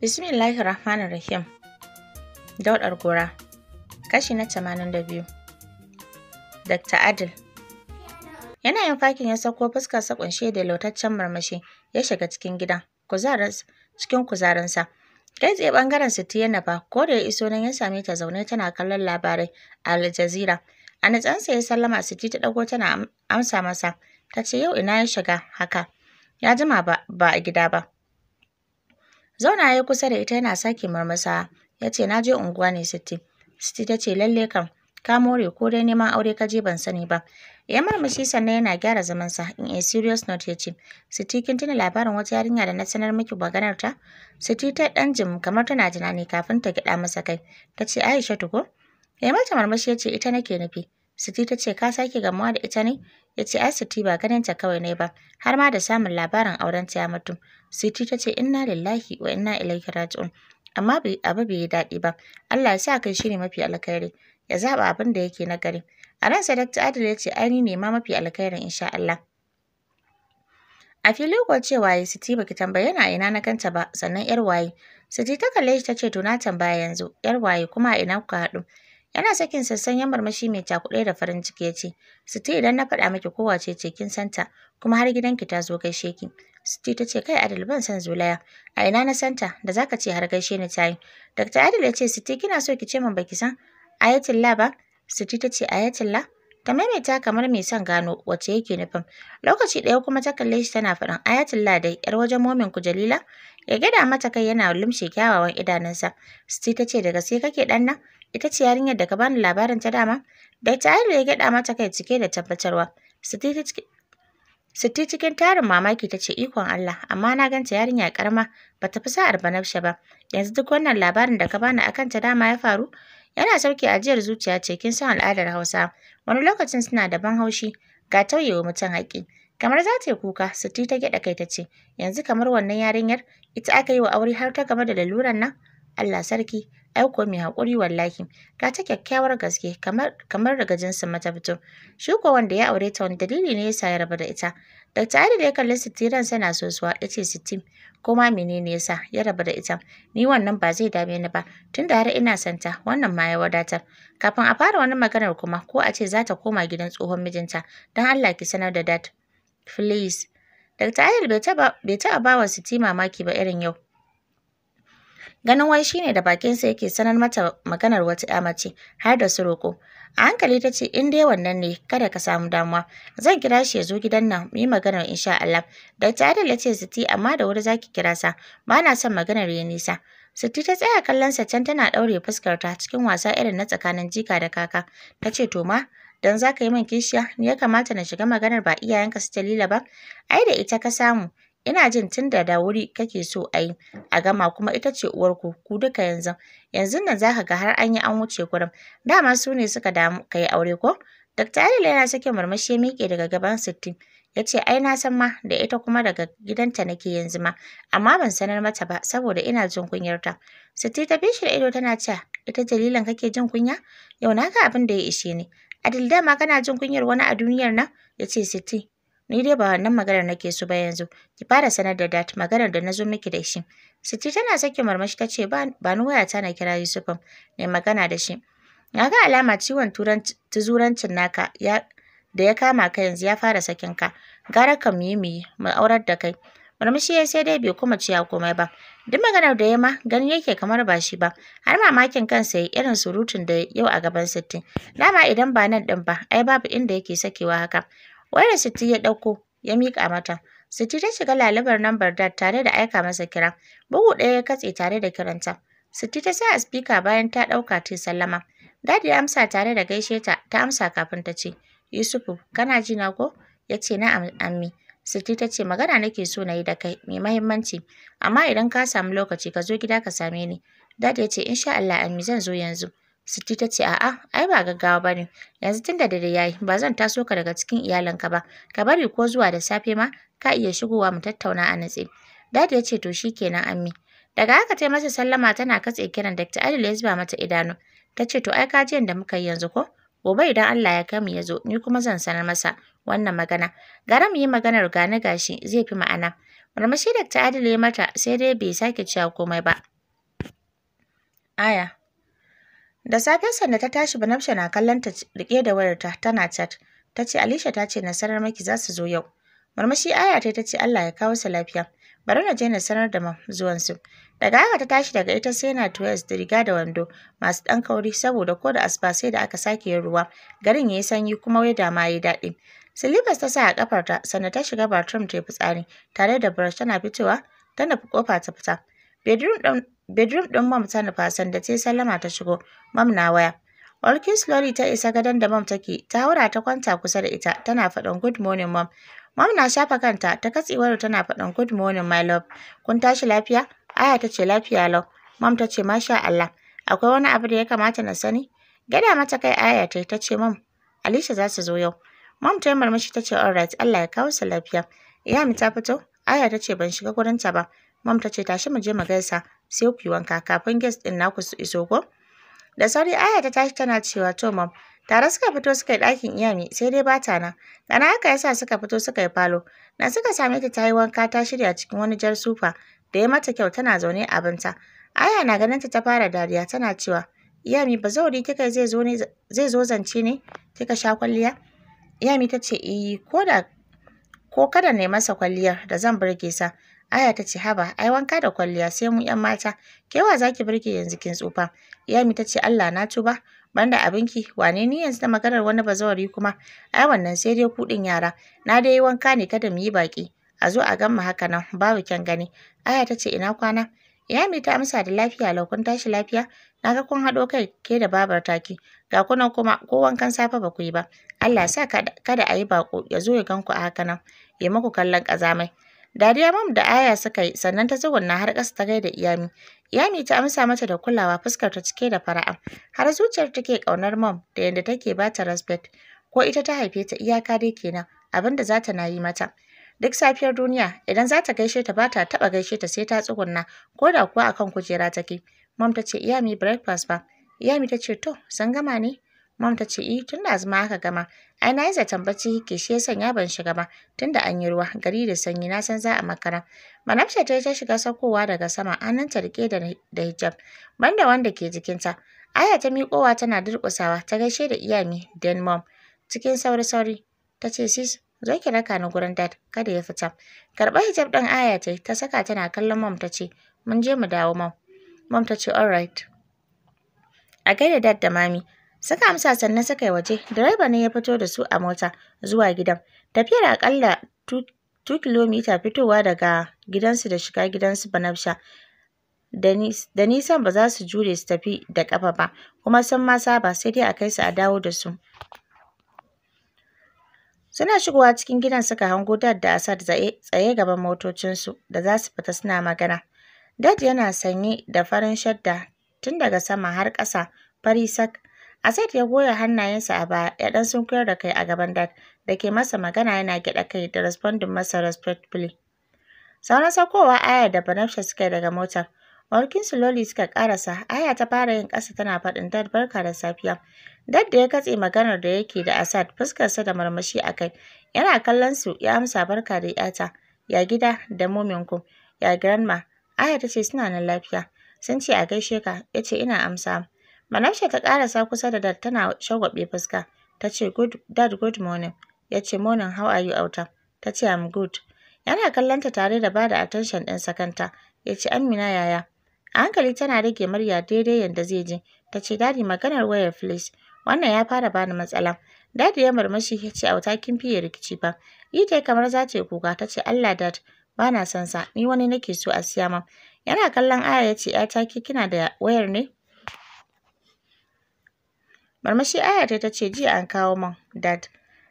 Bismillahir Rahmanir Rahim. Daudar gora. Kashi na 82. Dr. Adil. Yana yin fakin ya sako fuskar sa kunshe da lautaccen marmashi ya shiga cikin gidan. Kuzarin cikin kuzarinsa. Kai tsaye bangaren Siti yana ba ko da ya iso nan ya same ta zaune tana kallon labarai a Al Jazeera. A sa ya sallama Siti ta dago tana amsa masa. Ta ce yau ina ya shiga haka. Ya jima ba a gida ba. Zauna ya kusa da ita yana sake murmusa. Ya ce, Na je unguwa ne Siti. Sitti ta ce, Lalle kam, ka more ko dai neman aure ka je ban sani ba. Ya murmushi sannan yana gyara zamansa. In a serious note ya ce, Sitti kin tuna labarin wata yarinya da na sanar miki maganar ta? Sitti ta ɗan jim kamar tana tunani kafin ta gyaɗa masa kai. Ta ce, Aisha ko? Ya mata murmushi ya ce, Ita nake nufi. Siti ta ce ka sake gamuwa da ita ne? Ya ce ai Siti ba ganinta kawai ne ba, har ma da samun labarin aurenta ya mutu. Siti ta ce inna lillahi wa inna ilaihi raji'un. Amma abu bai yi daɗi ba. Allah ya sa kai shi ne mafi alkhairi. Ya zaba abin da yake na gari. A ransa Dr. Adil ya ce ai ni ne ma mafi alkhairin insha Allah. A fili kuwa ce ya Siti baki tambaye na ina na kanta ba sannan yar waye. Siti ta kalle shi ta ce to na tambaya yanzu yar waye kuma a ina kuka haɗu. Yana sakin sassanyen marmashi mai cakuɗe da farin ciki ya ce, Siti idan na faɗa miki kowace ce kin san ta kuma har gidanki ta zo gaishe ki. Siti ta ce, kai Adil ban san Zulaya, a ina na santa da zaka ce har gaishe ni ta yi. Dr. Adil ya ce, Siti kina so ki ce min baki san Ayatullah ba? Siti ta ce, Ayatullah? Ta maimaita kamar mai son gano wacce yake nufin. Lokaci ɗaya kuma ta kalle shi tana faɗin Ayatullah dai ‘yar wajen momin ku Jalila? Ya gada mata kai yana lumshe kyawawan idanunsa. Siti ta ce daga sai kake ɗan nan? Ita ce yarinyar da ka bani labarin ta dama? Dr. Airo ya gyaɗa mata kai cike da tabbatarwa. Sitti cikin tarin mamaki ta ce ikon Allah, amma na ganta yarinya karama ba ta fi sa'ar banabsha ba. Yanzu duk wannan labarin da ka bani akan ta dama ya faru? Yana sauke ajiyar zuciya ce kin san al'adar Hausa. Wani lokacin suna da ban haushi ga tauyewa mutum haƙƙi. Kamar za ta yi kuka, Sitti ta gyaɗa kai ta ce, yanzu kamar wannan yarinyar, ita aka yi wa aure har ta gama da laluran nan? Allah sarki, aiko mai haƙuri wallahi ga ta kyakkyawar gaske kamar kamar daga jinsin mata fito shuko wanda ya aure ta wani dalili ne yasa ya raba da ita Dr. Adil ya kalli sitiran sana sosuwa ya ce sitim kuma menene yasa ya raba da ita ni wannan ba zai dame ni ba tunda har ina santa wannan ma ya wadatar kafin a fara wani maganar kuma ko a ce za ta koma gidan tsohon mijinta don Allah ki sanar da dat please Dr. Adil bai taɓa ba wa Siti mamaki ba irin yau Ganin wai shine da bakin sa yake sanar mata maganar wata ‘ya mace har da su roƙo. A hankali ta ce in dai wannan ne kada ka samu damuwa. Zan kira shi ya zo gidan nan mu yi maganar insha Allah. Dr. Adil ya ce Siti amma da wuri zaki kira sa. Ba na son maganar ya nisa. Siti ta tsaya kallon sa can tana ɗaure ta cikin wasa irin na tsakanin jika da kaka. Ta ce to ma dan zaka yi min kishiya ni ya kamata na shiga maganar ba iyayenka su dalila ba. Ai da ita ka samu. Ina jin tunda da wuri kake so a yi, a gama kuma ita ce uwarku ku duka yanzu. Yanzun nan za ka ga har an yi an wuce gurin. Dama su ne suka damu ka yi aure ko? Dr. Adil yana sake murmushi ya miƙe daga gaban sittin. Ya ce ai na san ma da ita kuma daga gidanta nake yanzu ma, amma ban sanar mata ba saboda ina jin kunyarta. Sitti ta bishi da ido tana cewa ita Jalilan kake jin kunya? Yau na ga abin da ya ishe ni. Adil dama kana jin kunyar wani a duniyar nan? Ya ce Sitti Ni dai ba wannan maganar nake so ba yanzu. Ki fara sanar da dat maganar da na zo miki da shi. Siti tana sake murmushi ta ce ba ni ta na kira Yusufan ne magana da shi. Na ga alama ciwon tuzurancin naka ya da ya kama ka yanzu ya fara sakin ka. Gara ka muyi muyi mu aurar da kai. Murmushi ya sai dai bai kuma ciya komai ba. Duk maganar da ya ma gani yake kamar ba shi ba. Har mamakin kansa ya irin surutun da yau a gaban sittin. Dama idan ba nan din ba ai babu inda yake sakewa haka. Wai da Siti ya ɗauko ya miƙa mata. Siti ta shiga lalubar lambar Dad tare da aika masa kira. Bugu ɗaya ya katse tare da kiranta. Siti ta sa a spika bayan ta ɗauka ta sallama. Dadi ya amsa tare da gaishe ta, ta amsa kafin ta ce, Yusufu, kana ji na ko? Ya ce, na'am, ammi. Siti ta ce, magana nake so na yi da kai, mai mahimmanci. Amma idan ka samu lokaci, ka zo gida ka same ni. Dadi ya ce, insha Allah, ammi zan zo yanzu. siti ta ce a'a ai ba gaggawa bane yanzu tun da dare yayi ba zan taso ka daga cikin iyalanka ba ka bari ko zuwa da safe ma ka iya shigowa mu tattauna a natse. Dadi ya ce to shi shikenan ammi. Daga haka ta masa sallama tana katse kiran Dr. Adil ya zuba mata idanu. Ta ce to ai ka ji yadda muka yi yanzu ko? Gobe idan Allah ya kai mu ya zo ni kuma zan sanar masa wannan magana. Gara mu yi maganar gane gashi zai fi ma'ana. Murmushi Dr. Adil ya mata sai dai bai sake cewa komai ba. Aya Da safe sanda ta tashi Banabsha na kallon ta rike da wayarta tana chat. tace Alisha ta ce na sanar maki za su zo yau. Murmushi Aya ta ce Allah ya kawo su lafiya. Bari na je na sanar da mam zuwan su. Daga haka ta tashi daga ita sai na tuwes da riga da wando masu ɗan kauri saboda ko da asfa sai da aka sake yin ruwa. Garin yayi sanyi kuma wai da ma ya yi daɗi. Silibas ta sa a kafarta sanda ta shiga bathroom ta yi fitsari tare da brush tana fitowa ta nufi kofa ta fita. Bedroom ɗin Mom ta nufa sanda sai sallama ta shigo. Mom na waya. Walking slowly ta isa gadon da Mom take, ta haura ta kwanta kusa da ita, tana faɗin good morning Mom. Mom na shafa kanta, ta katse da tana faɗin good morning my love. Kun tashi lafiya? Aya ta ce lafiya lau. Mom ta ce masha Allah. Akwai wani abu da ya kamata na sani? Gada mata kai Aya ta ta ce mom Alisha za su zo yau. Mom ta yi murmushi ta ce alright Allah ya kawo su lafiya. Iyami ta fito? Aya ta ce ban shiga gurinta ba. Mam ta ce tashi mu je mu gaisa sai ku yi wanka kafin guest ɗin naku su iso ko. Da sauri Aya ta tashi tana cewa to mam, tare suka fito suka yi ɗakin iyami sai dai bata na. Dana haka yasa suka fito suka yi falo. Na suka same ta tayi wanka ta shirya cikin wani jar sufa da ya mata kyau tana zaune a banta Aya na ganin ta ta fara dariya tana cewa Iyami ba zauri kika zai zo ne zai zo zance ne kika sha kwalliya? Iyami ta ce eh ko da ko kada ne masa kwalliya da zan burge sa Aya ta ce haba ai wanka da kwalliya sai mu yan mata Ke wa zaki burge yanzu kin tsufa. Iyami ta ce Allah na tuba banda abinki wane ni yanzu da maganar wani bazawari kuma ai wannan sai dai kuɗin yara na dai yi wanka ne kada mu yi baki a zo a gama haka nan babu kyan gani. Aya ta ce ina kwana Iyami ta amsa da lafiya lau kun tashi lafiya na ga kun haɗo kai ke da babar taki ga kunan kuma ko wankan safe ba ku yi ba Allah sa kada a yi bako ya zo ya ganku a haka nan ya muku kallon ƙazamai. Dariya mam da Aya suka yi sannan ta tsugunna har ƙasa ta gaida Iyami. Iyami ta amsa mata da kulawa fuskar ta cike da fara'a har zuciyar take ƙaunar mam da yadda take ba ta respect ko ita ta haife ta iyaka dai kenan abin da za ta na yi mata. Duk safiyar duniya idan za ta gaishe ta ba ta taɓa gaishe ta sai ta tsugunna ko da kuwa akan kujera take. Mam ta ce Iyami breakfast ba. Iyami ta ce to sun gama ne? Mam ta ce eh tun da azuma aka gama. Ai na yi zaton bacci kike shi ya sanya ban shiga ba tunda an yi ruwa gari da sanyi na san za a makara. Manabsha ta yi ta shiga saukowa daga sama ta riƙe da da hijab banda wanda ke jikinta. Aya ta miƙowa tana durƙusawa ta gaishe da iyami den mom cikin sauri-sauri ta ce sis zo ki raka ni gurin dad kada ya fita. Karɓar hijab ɗin Aya ta ta saka tana kallon mom ta ce mun je mu dawo mom. Mom ta ce alright. A gaida dad da mami Suka amsa sannan suka yi waje, direba ne ya fito da su a mota zuwa gidan. Tafiyar aƙalla 2 kilomita fitowa daga gidansu da shiga gidansu Banabsha. Da nisan ba za su jure su tafi da ƙafa ba, kuma sun ma saba sai dai a kai su a dawo da su. Suna shigowa cikin gidan suka hango Dad da Asad tsaye gaban motocinsu da za su fita suna magana. Dad yana sanye da farin shadda tun daga sama har ƙasa fari sak Asad ya goya hannayensa a baya ya ɗan sunkuyar da kai a gaban dad da ke masa magana yana gyaɗa kai da responding masa respectfully. Sauran saukowa Aya da Banafsha suka daga motar. su Loli suka karasa, Aya ta fara yin kasa tana faɗin dad barka da safiya. Dad da ya katse maganar da yake da Asad fuskarsa da marmashi a kai. Yana kallon su ya amsa barka da yata. Ya gida da muminku Ya grandma. Aya ta ce suna nan lafiya. Sun ce a gaishe ka. Ya ce ina amsa. Manasseh ta ƙarasa kusa da Dad tana shagwaɓe fuska. Ta ce, "Good. Dad good morning. Ya ce, morning how are you Auta? Ta ce, I'm good. Yana kallonta tare da bada attention ɗin sakanta. Ya ce, Amina yaya? A hankali tana rage murya daidai yanda zai ji. Ta ce, Daddy maganar wayar please. Wannan ya fara bani matsala. Dadi ya murmushi ya ce, Auta kin fiye rikici fa. Yi ta kamar za ta kuka. Ta ce, Allah Dad, Bana na son sa. Ni wani nake so a siya ma. Yana kallon Aya ya ce, ‘yata ki kina da wayar ne? Marmashi Aya ta ta ce jiya an kawo man dad.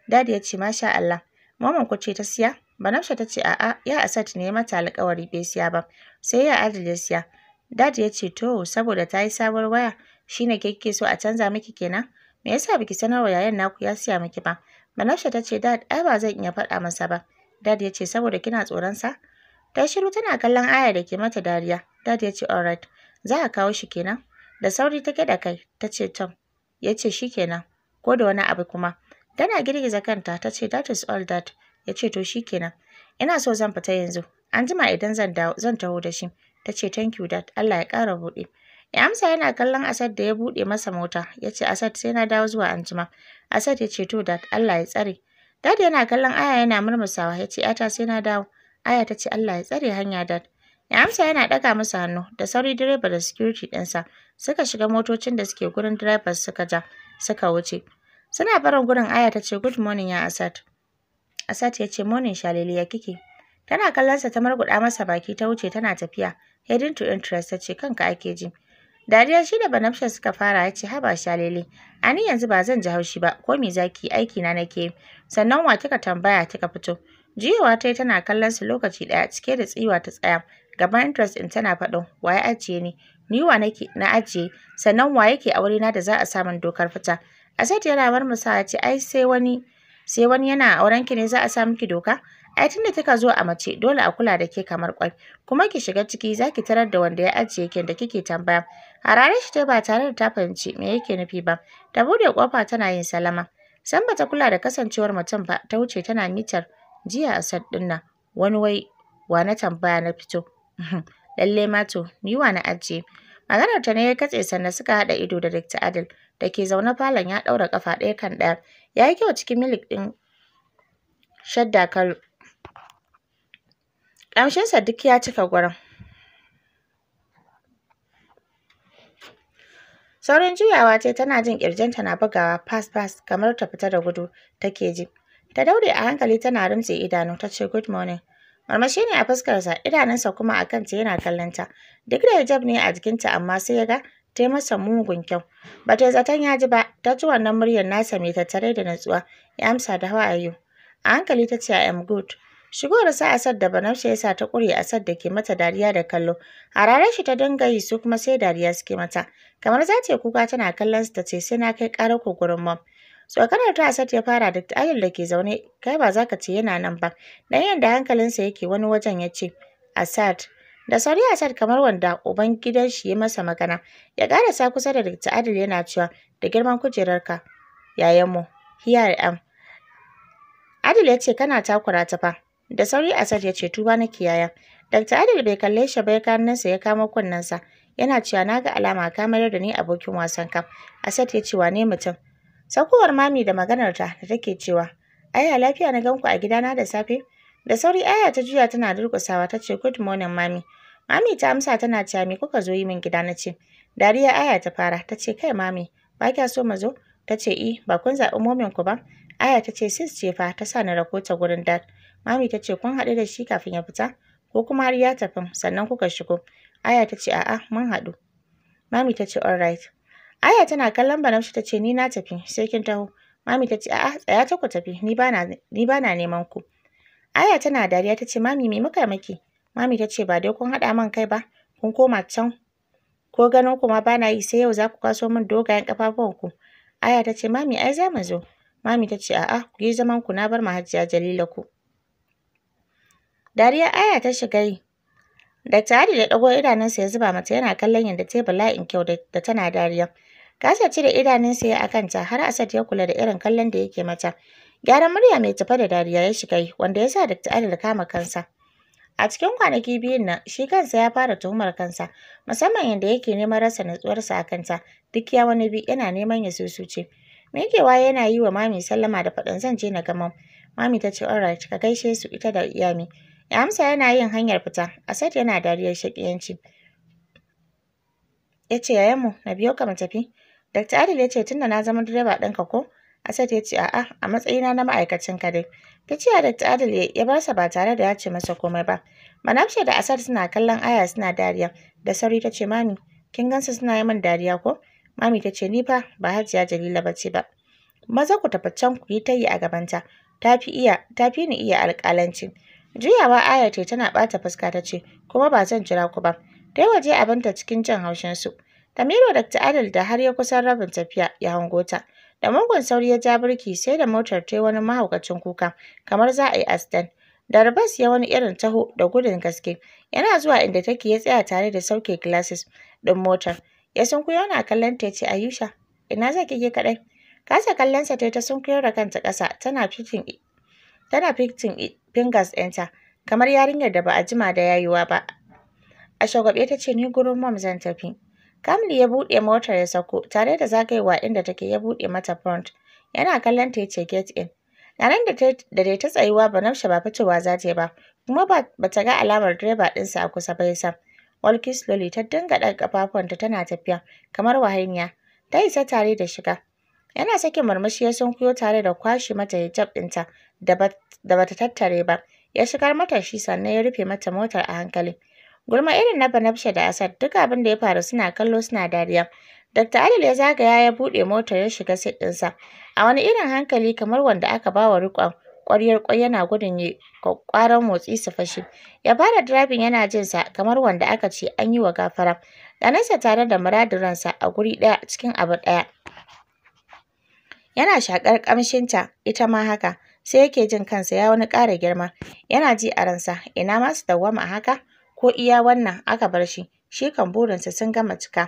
Dad ya ce masha Allah. Maman ku ce ta siya? Banamsha ta ce a'a ya Asad ne mata alƙawari bai siya ba. Sai ya Adil ya siya. Dad ya ce to saboda ta yi sabuwar waya shine ke kike so a canza miki kenan? Me yasa biki sanarwa yayan naku ya siya miki ba? Banamsha ta ce dad ai ba zan iya faɗa masa ba. Dad ya ce saboda kina tsoron sa? Ta shiru tana kallon Aya da ke mata dariya. Dad ya ce alright. Za a kawo shi kenan? Da sauri take da kai ta ce Tom ya ce shi kenan ko da wani abu kuma. Tana girgiza kanta ta ce that is all that ya ce to shi kenan. Ina so zan fita yanzu an jima idan zan dawo zan taho da shi. Ta ce thank you dad Allah ya ƙara buɗe. Ya amsa yana kallon Asad da ya buɗe masa mota ya ce Asad sai na dawo zuwa anjima. Asad ya ce to dad Allah ya tsare. Dad yana kallon Aya yana murmusawa ya ce ‘yata sai na dawo. Aya ta ce Allah ya tsare hanya dad. Ya amsa yana ɗaga masa hannu, da sauri direba da security ɗinsa suka shiga motocin da suke gurin direbar suka ja suka wuce. Suna barin gurin Aya ta ce good morning ya Asat" Asat ya ce morning Shalili ya kike. Tana kallonsa ta marguɗa masa baki ta wuce tana tafiya. Heading to interest ta ce kanka ake ji. Dariya shi da Banabsha suka fara ya ce haba Shalili. Ani yanzu ba zan ji haushi ba ko me zaki aiki na nake. Sannan wa kika tambaya kika fito. Jiyowa ta yi tana kallon su lokaci ɗaya cike da tsiwa ta tsaya gaban interest ɗin tana faɗin wa ya ajiye ni ni wa nake na ajiye sannan wa yake aure na da za a samun dokar fita Asad yana murmusa ce ai sai wani sai wani yana auren ki ne za a sa miki doka ai tunda kika zo a mace dole a kula da ke kamar kwai kuma ki shiga ciki zaki tarar da wanda ya ajiye ki da kike tambaya harare shi ba tare da ta fahimci me yake nufi ba ta bude kofa tana yin salama san ta kula da kasancewar mutum ba ta wuce tana mitar jiya Asad din wani wai wa na tambaya na fito Lalle ma to, ni wa na ajiye. Maganar ta ne ya katse sannan suka haɗa ido da Dr. Adil da ke zaune falon ya ɗaura ƙafa ɗaya kan ɗaya. Ya yi kyau cikin milik ɗin shadda kal. Ƙamshinsa duk ya cika gurin. Saurin juyawa ce tana jin ƙirjinta na bugawa fast fast kamar ta fita da gudu take ji. Ta daure a hankali tana rumtse idanu ta ce good morning. Marmashi ne a fuskarsa, idanunsa kuma a kanta yana kallonta. Duk da hijab ne a jikinta amma sai ya ga ta yi masa mugun kyau. Ba ta zaton ya ji ba, ta ji wannan muryar nasa mai tattare da natsuwa, ya amsa da hawaye. A hankali ta ce I am good. Shigowar sa Asad da Banafsha ya sa ta ƙure Asad da ke mata dariya da kallo. Hararar shi ta dinga yi su kuma sai dariya suke mata. Kamar za ta yi kuka tana kallon su ta ce sai na kai ƙarar ku gurin mom. tsokanar ta Asad ya fara da Adil da ke zaune kai ba za ka ce yana nan ba dan yadda hankalinsa yake wani wajen ya ce Asad da sauri Asad kamar wanda uban gidan shi ya masa magana ya karasa kusa da Dr. Adil yana cewa da girman kujerarka yayan mu here am Adil ya ce kana takura ta fa da sauri Asad ya ce tuba nake yaya Dr. Adil bai kalle shi ba ya sa ya kama kunnensa yana cewa naga alama ka mayar da ni abokin wasan ka Asad ya ce wane mutum Saukowar mami da maganarta da take cewa, Aya lafiya na ganku a gidana da safe? Da sauri Aya ta juya tana durƙusawa tace ce, Good morning mami. Mami ta amsa tana cewa me kuka zo yi min gida na ce. Dariya Aya ta fara tace Kai mami, ba kya so mu zo? tace ce, I, eh, ba kun zaɓi momin ku ba? Aya ta ce, Sis ce fa ta sa ni rakota gurin dad. Mami tace Kun haɗu da shi kafin ya fita? Ko kuma har ya tafi sannan kuka shigo? Aya ta ce, A'a, mun haɗu. Mami tace ce, All right. Aya tana kallon Banamsha ta ce ni na tafi sai kin taho. Mami ta ce a'a tsaya ta ku tafi ni bana ni na neman ku. Aya tana dariya ta ce mami me muka maki? Mami ta ce ba dai kun haɗa man kai ba kun koma can ko ganin ku ma na yi sai yau za ku kwaso min dogayen ƙafafuwanku. Aya ta ce mami ai za mu zo. Mami ta ce a'a ku yi zaman ku na bar ma Hajiya Jalila ku. Dariya Aya ta shiga yi. Dakta Hadi da ɗago idanunsa ya zuba mata yana kallon yadda ta yi bala'in kyau da tana dariya. Kasa cire idanunsa ya akanta har Asad ya kula da irin kallon da yake mata. Gyaran murya mai tafa da dariya ya shiga wanda ya sa Dr. Adil kama kansa. A cikin kwanaki biyun nan shi kansa ya fara tuhumar kansa musamman yadda yake neman rasa natsuwarsa a kanta duk ya wani bi yana neman ya susuce. Mikewa yana yi wa mami sallama da faɗin zan je na gama, Mami ta ce alright ka gaishe su ita da iyami. Ya amsa yana yin hanyar fita Asad yana dariyar shaƙiyanci. Ya ce yayanmu na biyo ka mu tafi. Dr. Adil ya ce tunda na zama direba ɗinka ko? Asad ya ce a'a a matsayina na ma'aikacin ka dai. Ficiya Dr. Adil ya ba sa ba tare da ya ce masa komai ba. Manamshe da Asad suna kallon Aya suna dariya. Da sauri ta ce mami kin gansu suna yi min dariya ko? Mami ta ce ni fa ba Hajiya Jalila ba ce ba. Maza ku tafi can ku yi ta yi a gabanta. Ta fi iya ta ni iya alƙalanci. Juyawa Aya ce tana ɓata fuska ta ce kuma ba zan jira ku ba. Ta yi waje abinta cikin jin haushinsu. Tamiru Dr. Adil da har ya kusan rabin tafiya ya hango ta. Da mugun sauri ya ja birki sai da motar ta wani mahaukacin kuka kamar za a yi asdan. Darbas ya wani irin taho da gudun gaske. Yana zuwa inda take ya tsaya tare da sauke glasses ɗin motar. Ya sunkuyo yana kallon ta ce Ayusha ina za ki ke kaɗai? Kasa kallonsa ta ta sunkuyar da kanta ƙasa tana fitin tana fitin fingers ɗinta kamar yarinyar da ba a jima da yayuwa ba. A shagwaɓe ta ce ni gurin mom zan tafi. Kamli ya buɗe motar ya sako tare da zagayewa inda take ya buɗe mata front. Yana kallon ta yace get in. Yayin da dai ta tsayuwa Banamsha ba fitowa za ta yi ba, kuma ba ta ga alamar direba ɗinsa a kusa ba yasa. Walki slowly ta dinga ɗaga ƙafafuwanta tana tafiya kamar wahainiya. Ta isa tare da shiga. Yana sake murmushi ya sunkuyo tare da kwashe mata hijab ɗinta da bata tattare ba. Ya shigar mata shi sannan ya rufe mata motar a hankali. Gurma irin na Banabsha da Asad duk abin da ya faru suna kallo suna dariya. Dr. Adil ya zagaya ya buɗe motar ya shiga sit ɗinsa. A wani irin hankali kamar wanda aka ba wa riƙon ƙwaryar ƙwai yana gudun yi ƙwaƙƙwaran motsi su fashe. Ya fara dirabin yana jinsa, kamar wanda aka ce an yi wa gafara. Ɗanansa tare da muradin ransa a guri ɗaya cikin abu ɗaya. Yana shaƙar ƙamshinta ita ma haka. Sai yake jin kansa ya wani ƙara girma. Yana ji a ransa ina ma su dawwama haka. ko iya wannan aka bar shi, shi kan burinsa sun gama cika.